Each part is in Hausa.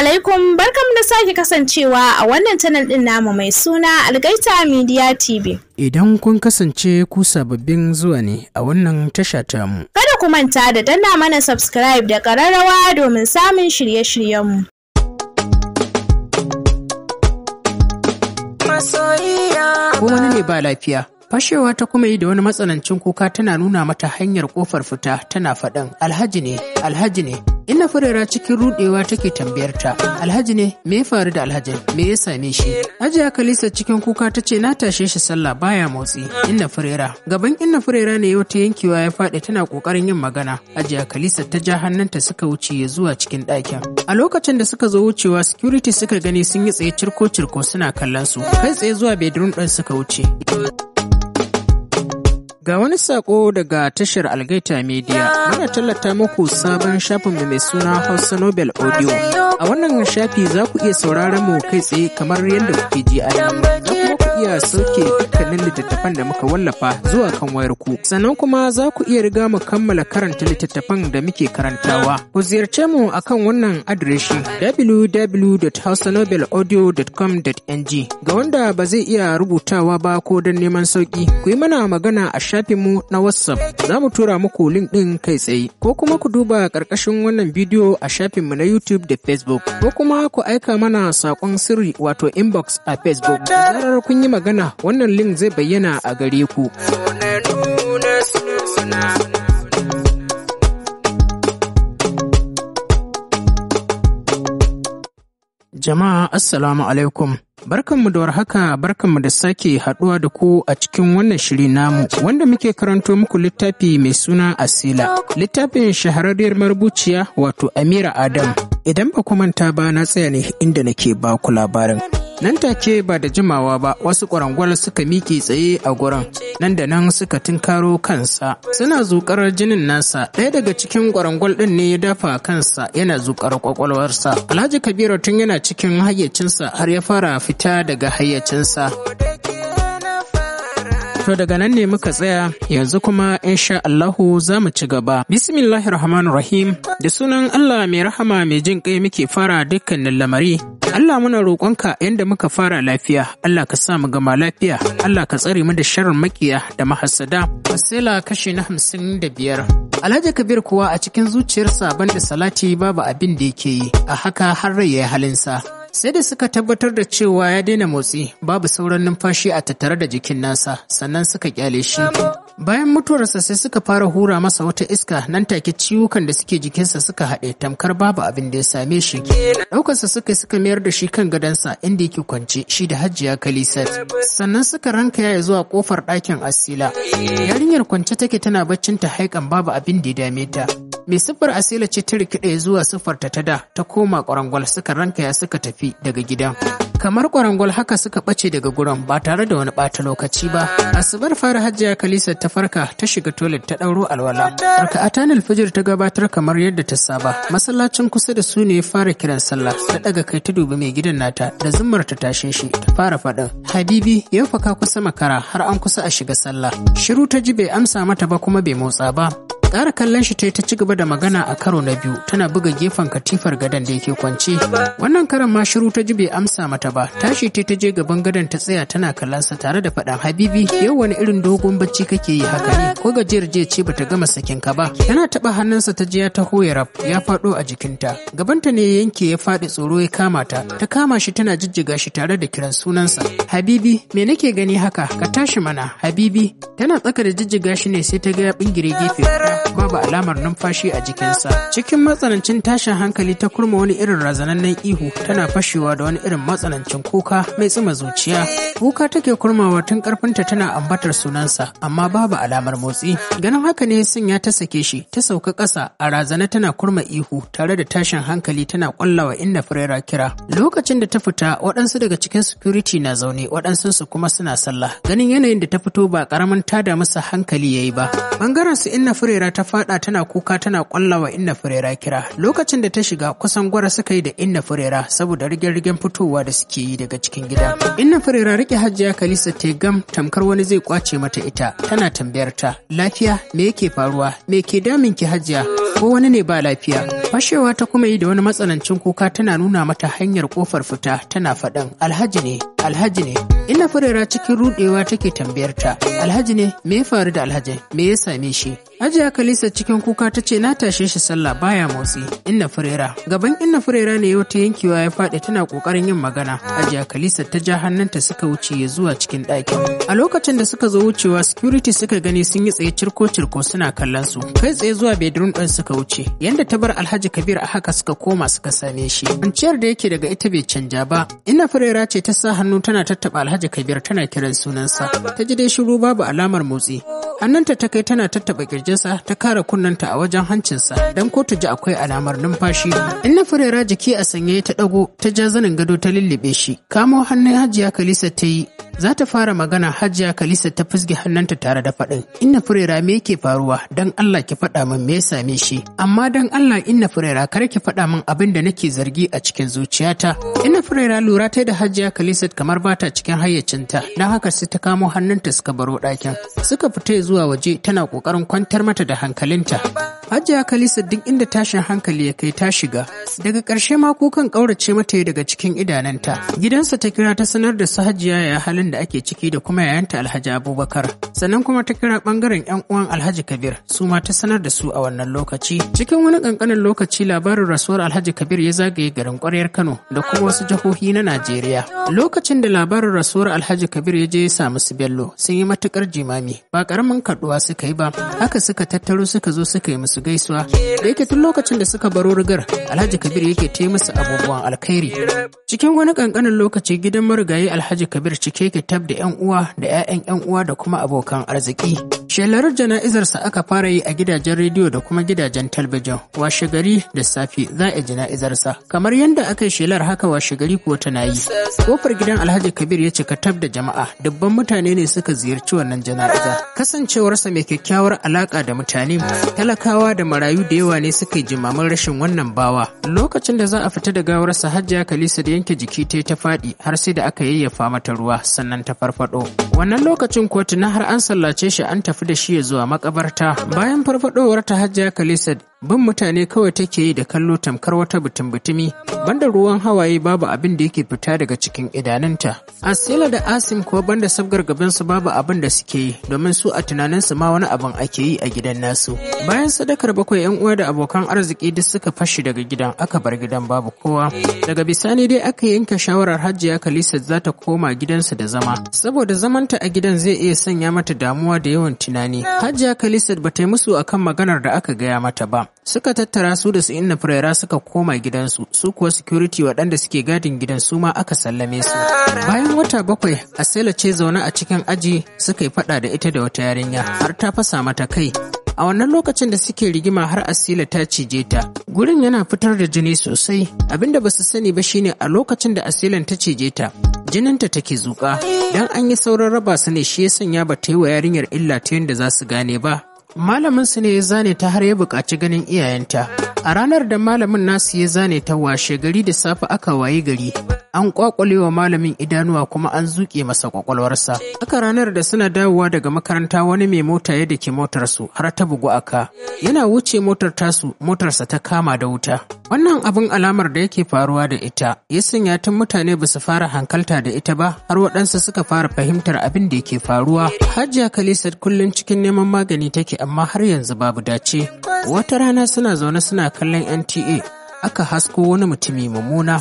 alaikum barkam da sake kasancewa a wannan channel din namu mai suna Algaita Media TV. Idan kun kasance ku sababbin zuwa ne a wannan tasha mu. Kada ku manta da danna mana subscribe da kararrawa domin samun shirye shiryen mu Ko wani ne ba lafiya? Fashewa ta kuma yi da wani matsanancin kuka tana nuna mata hanyar kofar fita tana faɗin alhaji ne, alhaji ne. Ina furera cikin rudewa take tambayar ta, alhaji ne me ya faru da alhajin me ya same shi? Ajiya Kalisa cikin kuka ta ce na tashe shi sallah baya motsi, Inna furera. Gaban Inna furera ne wata yankewa ya faɗi tana ƙoƙarin yin magana. Ajiya Kalisa ta ja hannunta suka wuce ya zuwa cikin ɗakin. A lokacin da suka zo wucewa security suka gani sun yi tsaye cirko-cirko suna kallon su, kai tsaye zuwa bedroom ɗin suka wuce. Ga wani sako daga tashar Algaita Media, muna tallata muku sabon shafinmu mai suna Hausa Nobel Audio. A wannan shafi za ku iya sauraron mu kai tsaye kamar yadda kuke ji a iya sauke dukkanin littattafan da muka wallafa zuwa kan wayar ku. Sannan kuma za ku iya riga mu kammala karanta littattafan da muke karantawa. Ku ziyarce mu akan wannan adireshi www.hausanobelaudio.com.ng ga wanda ba zai iya rubutawa ba ko don neman sauki. Ku yi mana magana a shafinmu na WhatsApp. Za mu tura muku link ɗin kai tsaye. Ko kuma ku duba ƙarƙashin wannan bidiyo a shafinmu na YouTube da Facebook. Ko kuma ku aika mana saƙon sirri wato inbox a Facebook. zarar kun yi magana wannan link zai bayyana a gare ku. Jama'a Assalamu alaikum. Barkanmu da warhaka barkanmu da sake haɗuwa da ku a cikin wannan shiri namu wanda muke karanto muku littafi mai suna Asila. Littafin shahararriyar marubuciya wato Amira Adam. Idan ba manta ba na tsaya ne inda nake ba ku labarin. Nan take ba da jimawa ba wasu ƙwarangwal suka miƙe tsaye a gurin, nan da nan suka tunkaro kansa. Suna zuƙar jinin nasa, ɗaya daga cikin ƙwarangwal ɗin ne ya dafa kansa yana zuƙar ƙwaƙwalwarsa. Alhaji Kabiru tun yana cikin hayyacinsa har ya fara fita daga hayyacinsa. To daga nan ne muka tsaya yanzu kuma sha Allahu za mu ci gaba. Bismillahirrahmanirrahim da sunan Allah mai rahama mai jin kai muke fara dukkanin lamari. Allah muna roƙonka yadda muka fara lafiya, Allah ka sa mu gama lafiya, Allah ka tsare mu da sharar makiya da mahasada. Masila kashi na hamsin da biyar. Alhaji Kabir kuwa a cikin zuciyarsa da salati babu abin da yake yi, a haka har rai ya halinsa. sai da suka tabbatar da cewa ya daina motsi babu sauran numfashi a tattare da jikin nasa sannan suka kyale shi bayan mutuwarsa sai suka fara hura masa wata iska nan take ciwukan da suke jikinsa suka haɗe tamkar babu abin da ya same shi ɗaukarsa suka suka mayar da shi kan gadonsa inda yake kwance shi da hajjiya kalisat sannan suka ranka ya zuwa kofar ɗakin asila yarinyar kwance take tana baccin ta haikan babu abin da ya dame ta Mai siffar asila ce ta ya zuwa siffarta ta da ta koma ƙwarangwal suka rankaya suka tafi daga gida. Kamar ƙwarangwal haka suka ɓace daga gurin ba tare da wani ɓata lokaci ba. Asibar fara hajjiya Kalisa ta farka ta shiga tolet ta ɗauro alwala. tana alfijir ta gabatar kamar yadda ta saba. Masallacin kusa da su ne ya fara kiran sallah. Ta ɗaga kai ta dubi mai gidan nata da zummar ta tashe shi ta fara faɗin. Habibi ya faka kusa makara har an kusa a shiga sallah. Shiru ta ji bai amsa mata ba kuma bai motsa ba. Tsara kallon shi ta ci gaba da magana a karo na biyu tana buga gefen katifar gadon da yake kwance wannan karan ma shiru ta ji bai amsa mata ba tashi ta ta je gaban gadon ta tsaya tana sa tare da faɗan habibi yau wani irin dogon bacci kake yi haka ne ko gajiyar jiya ce bata gama sakin ka ba tana taɓa hannunsa ta je ya taho ya rab ya faɗo a jikinta gabanta ne ya yanke ya faɗi tsoro ya kama ta ta kama shi tana jijjiga shi tare da kiran sunansa habibi me nake gani haka ka tashi mana habibi tana tsaka da jijjiga shi ne sai ta ga ya bingire gefe babu alamar numfashi a jikinsa cikin matsanancin tashin hankali ta kurma wani irin razanannen ihu tana fashewa da wani irin matsanancin kuka mai tsima zuciya kuka take kurmawa tun karfinta tana ambatar sunansa amma babu alamar motsi ganin haka ne sun ya ta sake shi ta sauka ƙasa a razana tana kurma ihu tare da tashin hankali tana kwallawa inda firera kira lokacin da ta fita waɗansu daga cikin security na zaune waɗansu su kuma suna sallah ganin yanayin da ta fito ba ƙaramin tada masa hankali yayi ba bangaren su inna firera Amina ta fada tana kuka tana kwallawa Inna Furera kira. Lokacin da ta shiga kusan gwara suka yi da Inna Furera saboda rigen-rigen fitowa da suke yi daga cikin gida. Inna Furera rike Hajiya Kalisa Tegam tamkar wani zai kwace mata ita. Tana tambayar ta, "Lafiya, me yake faruwa? Me ke damin ki Hajiya? Ko wani ne ba lafiya?" Fashewa ta kuma yi da wani matsanancin kuka tana nuna mata hanyar kofar fita tana faɗan alhaji ne, alhaji ne. Ina furera cikin rudewa take tambayar ta, alhaji ne, me ya faru da alhaji, me ya same shi? Ajiya Kalisa cikin kuka ta ce na tashe shi sallah baya motsi, inna furera. Gaban inna furera ne wata yankewa ya faɗi tana kokarin yin magana. Ajiya Kalisa ta ja hannunta suka wuce ya zuwa cikin ɗakin. A lokacin da suka zo wucewa security suka gani sun yi tsaye cirko-cirko suna kallon su. Kai tsaye zuwa bedroom ɗin suka wuce. Yanda ta bar alhaji Alhaji Kabir a haka suka koma suka same shi. Kwanciyar da yake daga ita bai canja ba. Ina Furera ce ta sa hannu tana tattaɓa Alhaji Kabir tana kiran sunansa. Ta ji dai shiru babu alamar motsi. Hannunta ta kai tana tattaba kirjinsa ta kara kunnanta a wajen hancinsa don ko ta ji akwai alamar numfashi. Ina Furera jiki a sanye ta dago ta ja zanin gado ta lullube shi. Kamo hannun Hajiya Kalisa ta yi Za ta fara magana Hajiya Kalisa ta fusge hannunta tare da faɗin. Inna Furera me yake faruwa? Dan Allah ki faɗa min me ya same shi. Amma dan Allah Inna Furera kar ki faɗa min abin da nake zargi a cikin zuciyata. Inna Furera lura ta da Hajiya Kalisa kamar ba ta cikin hayyacinta. Dan haka sai ta kamo hannunta suka baro ɗakin. Suka fita zuwa waje tana ƙoƙarin kwantar mata da hankalinta. Hajiya Kalisa duk inda tashin hankali ya kai ta shiga. Daga ƙarshe ma kukan ƙaurace mata daga cikin idananta. Gidansa ta kira ta sanar da su Hajiya ya halin da ake ciki da kuma yayanta Alhaji Abubakar. Sannan kuma ta kira bangaren 'yan uwan Alhaji Kabir su ma ta sanar da su a wannan lokaci. Cikin wani kankanin lokaci labarin rasuwar Alhaji Kabir ya zagaye garin kwaryar Kano da kuma wasu jihohi na Najeriya. Lokacin da labarin rasuwar Alhaji Kabir ya je ya samu su Bello sun yi matukar jimami ba karamin kaduwa suka yi ba haka suka tattaro suka zo suka yi musu gaisuwa da yake tun lokacin da suka baro rigar Alhaji Kabir yake taimaka musu abubuwan alkhairi. Cikin wani ƙanƙanin lokaci gidan marigayi Alhaji Kabir cike ke tab da 'yan uwa da 'ya'yan 'yan uwa da kuma abokan arziki. Shelar jana'izarsa aka fara yi a gidajen rediyo da kuma gidajen talbijin. Washe gari da safe za a jana'izarsa. Kamar yadda aka yi shelar haka washe gari kuwa tana yi. Kofar gidan Alhaji Kabir ya cika tab da jama'a. Dubban mutane ne suka ziyarci wannan jana'iza. Kasancewarsa mai kyakkyawar alaka da mutane, talakawa da marayu da yawa ne suka yi jimamin rashin wannan bawa. Lokacin da za a fita da gawarsa Hajiya Kalisa da yanke jiki ta ta faɗi har sai da aka yayyafa mata ruwa sannan ta farfaɗo. Wannan lokacin kotu na har an sallace shi an tafi tafi da shi zuwa makabarta bayan farfadowar ta hajjiya kalisad ban mutane kawai take yi da kallo tamkar wata butumi banda ruwan hawaye babu abin da yake fita daga cikin idanunta asila da asim kuwa banda sabgar gaban su babu abin da suke yi domin su a tunanin su ma wani abin ake yi a gidan nasu bayan sadakar bakwai yan uwa da abokan arziki duk suka fashi daga gidan aka bar gidan babu kowa daga bisani dai aka yanke shawarar hajjiya kalisa za ta koma gidansu da zama saboda zamanta a gidan zai iya sanya mata damuwa da yawan tunani hajjiya kalisa ba ta yi musu akan maganar da aka gaya mata ba Suka tattara su da su inna Ferreira suka koma gidansu, su kuwa security waɗanda suke gadin gidan su ma aka sallame su. Bayan wata bakwai, Asela ce zaune a cikin aji suka yi faɗa da ita da wata yarinya har ta fasa mata kai. A wannan lokacin da suke rigima har Asila ta cije ta. Gurin yana fitar da jini sosai. Abinda basu sani ba shine a lokacin da Asilan ta cije ta, jininta take zuƙa. Dan an yi sauran raba su ne shi ya sanya ba ta yi wa yarinyar illa ta yadda za su gane ba. Malaminsu ne ya zane ta har ya buƙaci ganin iyayenta. A ranar da malamin nasu ya zane ta washe gari da safe aka waye gari. an kwakwalewa malamin idanuwa kuma an zuke masa kwakwalwarsa. Aka ranar da suna dawowa daga makaranta wani mai mota ya dake motarsu har ta bugu aka. Yana wuce motar tasu motarsa ta kama da wuta. Wannan abin alamar da yake faruwa da ita ya sanya tun mutane ba su fara hankalta da ita ba har waɗansu suka fara fahimtar abin da yake faruwa. Hajiya Kalisa kullum cikin neman magani take amma har yanzu babu dace. Wata rana suna zaune suna kallon NTA aka hasko wani mutumi mummuna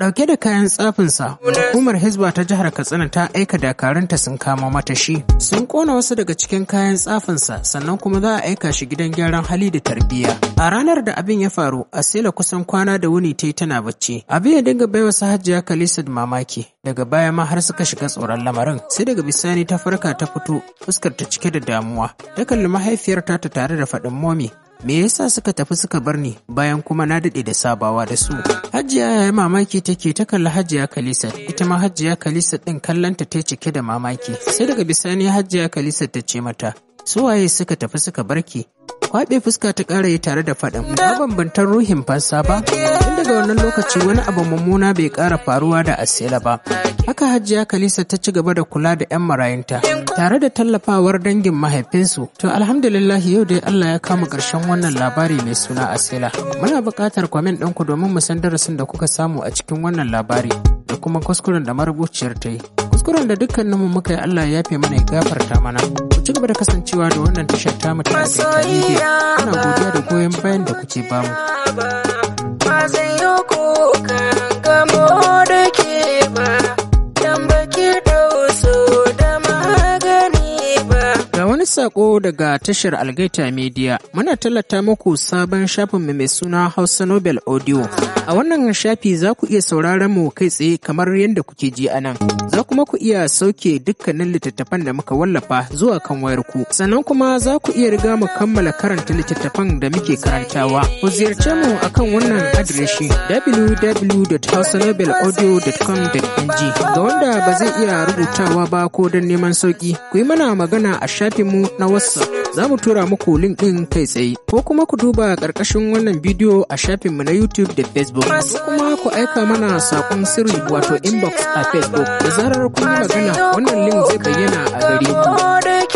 Ɗauke da kayan tsafinsa hukumar hizba ta jihar katsina ta aika dakarunta sun kama mata shi sun kona wasu daga cikin kayan tsafinsa sannan kuma za a aika shi gidan gyaran hali da tarbiyya a ranar da abin ya faru asila kusan kwana da wuni ta yi tana bacci abin ya dinga baiwa sahajiya da mamaki daga baya ma har suka shiga tsoron lamarin sai daga bisani ta farka ta fito fuskar ta cike da damuwa ta kalli mahaifiyarta ta tare da faɗin momi me yasa suka tafi suka bar ni bayan kuma na daɗe da sabawa da su hajiya yaya mamaki take ta kalli hajiya kalisa ita ma hajiya kalisa ɗin kallanta ta cike da mamaki sai daga bisani hajiya kalisa ta ce mata su waye suka tafi suka barki kwaɓe fuska ta ƙara yi tare da faɗin bambantar ruhin fansa ba tun daga wannan lokaci wani abu mummuna bai ƙara faruwa da asela ba haka hajiya kalisa ta ci gaba da kula da 'yan marayunta tare da tallafawar dangin mahaifinsu to alhamdulillah yau dai allah ya kama ƙarshen wannan labari mai suna asela muna buƙatar kwamen ɗinku domin mu san darasin da kuka samu a cikin wannan labari da kuma kuskuren da marubuciyar ta yi kuskuren da dukkaninmu muka yi Allah ya fi mana ya gafarta mana ku ci gaba da kasancewa da wannan tashar ta mu ta ana godiya da goyon bayan da kuke bamu. Ba zai yi sako daga tashar Algaita Media muna tallata muku sabon shafin mai suna Hausa Nobel Audio. A wannan shafi za ku iya sauraron mu kai tsaye kamar yadda kuke ji a nan. Za kuma ku iya sauke dukkanin littattafan da muka wallafa zuwa kan wayar ku. Sannan kuma za ku iya riga mu kammala karanta littattafan da muke karantawa. Ku ziyarce mu akan wannan adireshi www.hausanobelaudio.com.ng ga wanda ba zai iya rubutawa ba ko don neman sauki. Ku yi mana magana a shafinmu na WhatsApp za mu tura muku link ɗin kai tsaye ko kuma ku duba ƙarƙashin wannan bidiyo a shafinmu na YouTube da Facebook ko kuma ku aika mana saƙon sirri wato inbox a Facebook da zarar kun yi magana wannan link zai bayyana a gare ku.